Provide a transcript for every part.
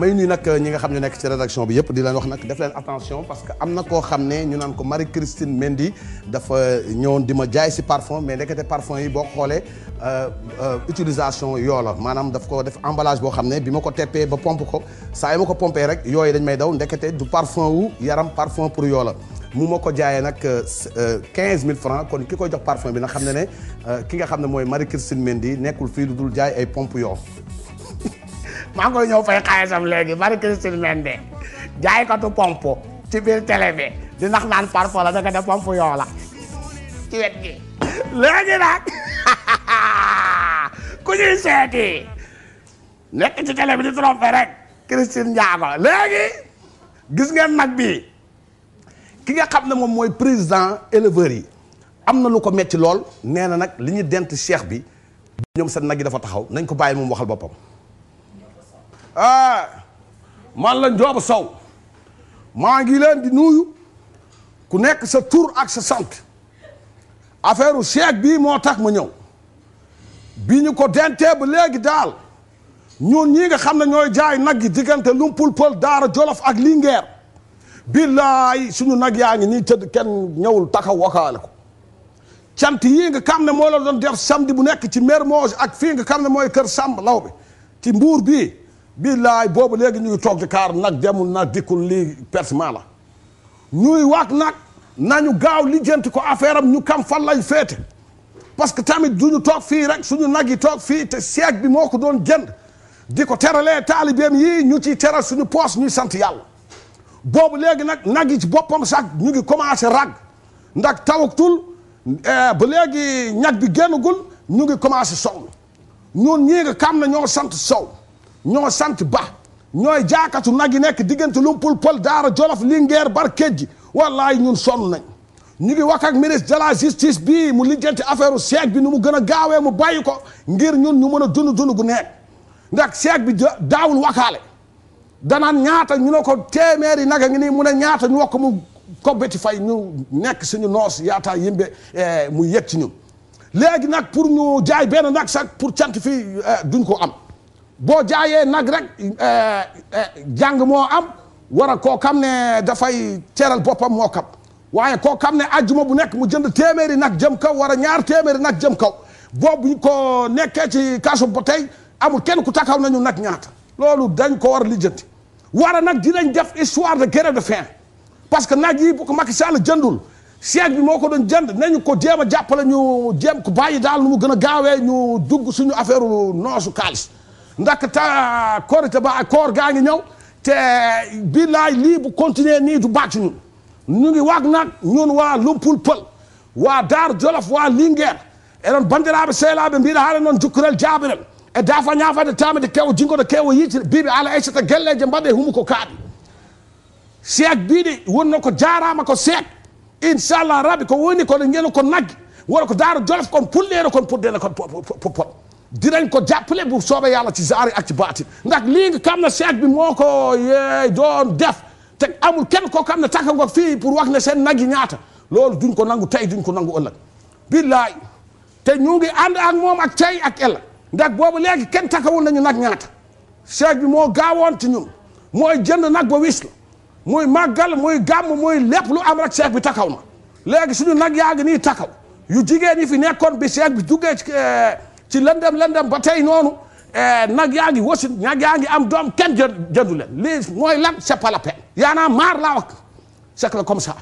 may nuyu nag ñi nga xam ne nekk ci rédaction bi yëpp di leen wax nag def leen attention parce que am na koo xam ne ñu naan ko Marie Christine Mendy dafa ñëwoon di ma jaay si parfum mais ndekete parfum yi boo xoolee euh, euh, utilisation yoo la maanaam daf ko def emballage boo xam ne bi ma ko teppee ba pompe ko saa yi ma ko pompee rek yooyu dañ may daw ndekete du parfum wu yaram parfum pour yoo la mu ma ko jaayee nag euh, quinze mille francs kon ki koy jox parfum bi nag xam ne ne ki xam ne mooy Marie Christine Mendy nekkul fii lu dul jaay ay pompe yoo maa ngi koy ñëw fay xaalisam léegi bari Christine Mende jaaykatu pompe ci biir télé bi di nax naan parfum la danga def pompe yoo la ci wet gi léegi nag ku ñuy seeti nekk ci télé bi di trompé rek Christine Ndiago léegi gis ngeen nag bii ki nga xam ne moom mooy président éleveurs yi am na lu ko metti lool nee na nag li ñu dent cheikh bi ñoom seen nag yi dafa taxaw nañ ko bàyyi moom waxal boppam Ah, man la Njooba Sow maa ngi leen di nuyu ku nekk sa tur ak sa sant affaire u Cheikh bii moo tax ma ñëw bii ñu ko dentee ba léegi daal ñun ñii nga xam ne ñooy jaay nag yi diggante Lumpul Pël Daara Jolof ak Linguère billaay suñu nag yaa ngi nii tëdd kenn ñëwul taxaw wakaale ko cant yii nga xam ne moo la doon def samedi bu nekk ci Mermoz ak fii nga xam ne mooy kër Samba Law bi ci mbuur bii billaay boobu léegi ñu ngi toog di kaar nag demul nag dikkul lii persement la ñuy wax nag ñu gaaw lijjanti ko affaire am ñu kam fan lay parce que tamit ñu toog fii rek suñu nag yi toog fii te seeg bi moo ko doon jënd di ko teralee taalibeem yii ñu ciy teral suñu poos ñuy sant yàlla boobu léegi nag nag yi ci boppam sax ñu ngi commencé rag ndax tawaktul eh, ba léegi ñag bi génnagul ñu ngi commencé sow ñun ñii kam na ñoo sant sow ñoo sant ba ñooy jaakatu nag yi nekk diggante lumpul pël daara jolof lingeer barkeej ji wallaay ñun sonn nañ ñu ngi wax ak ministre de la justice bii mu lijjanti affaire seeg bi nu mu gën a gaawee mu bàyyi ko ngir ñun ñu mën a dund dund gu nekk ndax seeg bi daawul wakaale danaan ñaata ñu ne ko téeméeri naga ngi nii mu ne ñaata ñu wax ko mu ko beti fay ñu nekk suñu noos yaataa yimbe eh, mu yëg ci ñun léegi nag pour ñu jaay benn nag sax pour cant fi eh, duñ ko am boo jaayee nag rek eh, eh, jàng moo am war a koo xam ne dafay teeral boppam moo kam waaye koo xam ne ajuma bu nekk mu jënd téeméeri nag jëm kaw war a ñaar téeméeri nag jëm kaw boobu ko nekkee ci kaso ba tey amul kenn ku takaw nañu nag ñaat loolu dañ ko war a lijjanti war a nag dinañ def histoire de grève de faim parce que nag yi bu ko Macky Sall jëndul Cheikh bi moo ko doon jënd nañu ko jéem a jàppale ñu jéem ko bàyyi daal nu mu gën a gaawee ñu dugg suñu affaire noosu kaalis ndax ta korite ba koor gaa ngi ñëw te billaay lii bu continuer nii du bàcc ñun ñu ngi waag nag ñun waa lumpul pël waa daar jolof waa linguère eɗen bandiraɓe sehlaɓe mbiɗa haala noon jukkorel jaabirel e dafa ñafade tamede kewo jingoɗo kewo yiiti biɓe ala aissata e guelleje mbaɗe e humu ko kaaɗi seek biɗi wonno ko jarama ko seek inchallah rabi ko woni kono ñeno ko naggi wona ko daaro jolof kon pulɗeno kon puɗɗeno kon pot dinañ ko jàppale bu soobee yàlla ci zaari ak ci baati ndax lii nga xam ne bi moo ko yee doon def te amul kenn koo xam ne takka nga fii pour wax ne seen nag yi ñaata loolu duñ ko nangu tey duñ ko nangu ëllëg billaay te ñu ngi ànd ak moom ak tey ak ëllëg ndax boobu léegi kenn takkawul nañu nag ñaata seet bi moo gaawoon ci ñun mooy jënd nag ba wis la muy màggal muy gàmm muy lépp lu am rek seet bi takkaw na léegi suñu nag yaa ngi nii takkaw yu jigéen ñi fi nekkoon bi seet bi ci lëndëm lëndëm ba tey noonu eh, nag yaa ngi wasin nag yaa ngi am doom kenn jëndu leen lii mooy lan c'est la peine yaanaa maar laa wax comme ça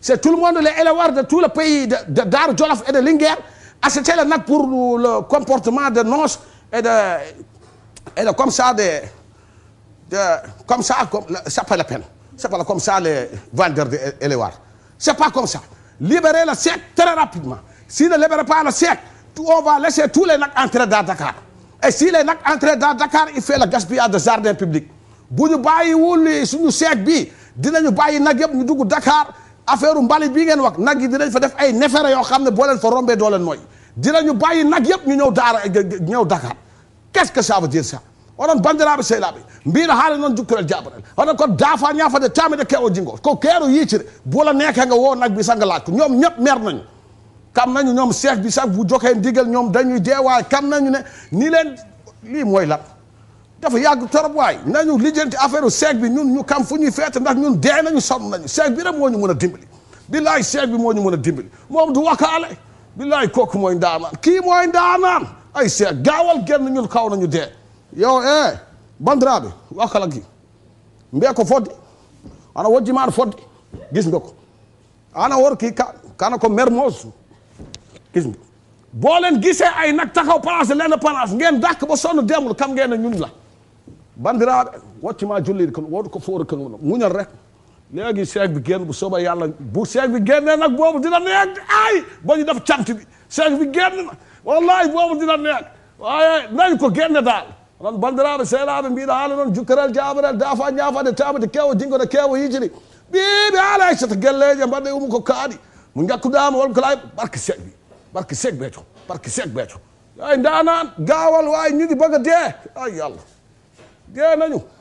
c'est tout le monde le pays de de Daara Jolof et de Linguère accepté la nag pour le comportement de noce et de et de comme ça de de comme pas la peine c'est pas comme ça rapidement si ne libère pas le chèque on va laisser tous les nacs entrer dans Dakar et si les nacs entrent dans Dakar il fait le gaspillage de jardin public bu ñu bàyyiwul suñu seec bi dinañu bàyyi nag yëpp ñu dugg Dakar affaire mbalit bi ngeen wax nag yi dinañ fa def ay nefere yoo xam ne boo leen fa rombee doo leen dina ñu bàyyi nag yëpp ñu ñëw daara ñëw Dakar qu'est-ce que ça veut dire ça onon bandiraɓe sehilaɓe mbiɗo haali noon jukkorel jaɓorel onon kon daafa ñafade tamede kewo jingo ko keero yiicire bola nekega wo nagbi sanga laaj ko ñoom ñëpp mer nañu kam nañu ñoom chef bi sax bu joxee ndigal ñoom dañuy deewaay kam nañu ne nii leen lii mooy lan dafa yàgg torop waay nañu lijjanti affaire u chef bi ñun ñu kam fu ñuy feete ndax ñun dee nañu sonn nañu chef bi rek moo ñu mën a dimbali billaay chef bi moo ñu mën a dimbali moom du wakaale billaay kooku mooy ndaamaan kii mooy ndaamaan ay chef gaawal génn ñun kaw nañu dee yo e eh, bandiraa wakala gi mbee ko foddi ana wojji maan foddi gis nga ko ana wor kii kana ko mermoos gis nga boo leen gisee ay nag taxaw place lenn place ngeen dàkk ba sonn demul kam ngeen na ñun la bandiraaɓe woccima julliɗi kon woɗ ko foora kan muñal rek léegi seeg bi génn bu soobee yàlla bu seeg bi génnee nag boobu dina neeg ay ba ñu def cant bi seeg bi génn na wallahi boobu dina neeg waaye ko génne daal onon bandiraaɓe sehlaaɓe mbiɗa haala noon e sata gelleje ko kaaɗi mo jakkudaama wonko seeg bi parce que Seeg Béthio parce que Seeg Béthio ay ndaanaan gaawal waaye ñi di bëgg a dee ay yàlla dee nañu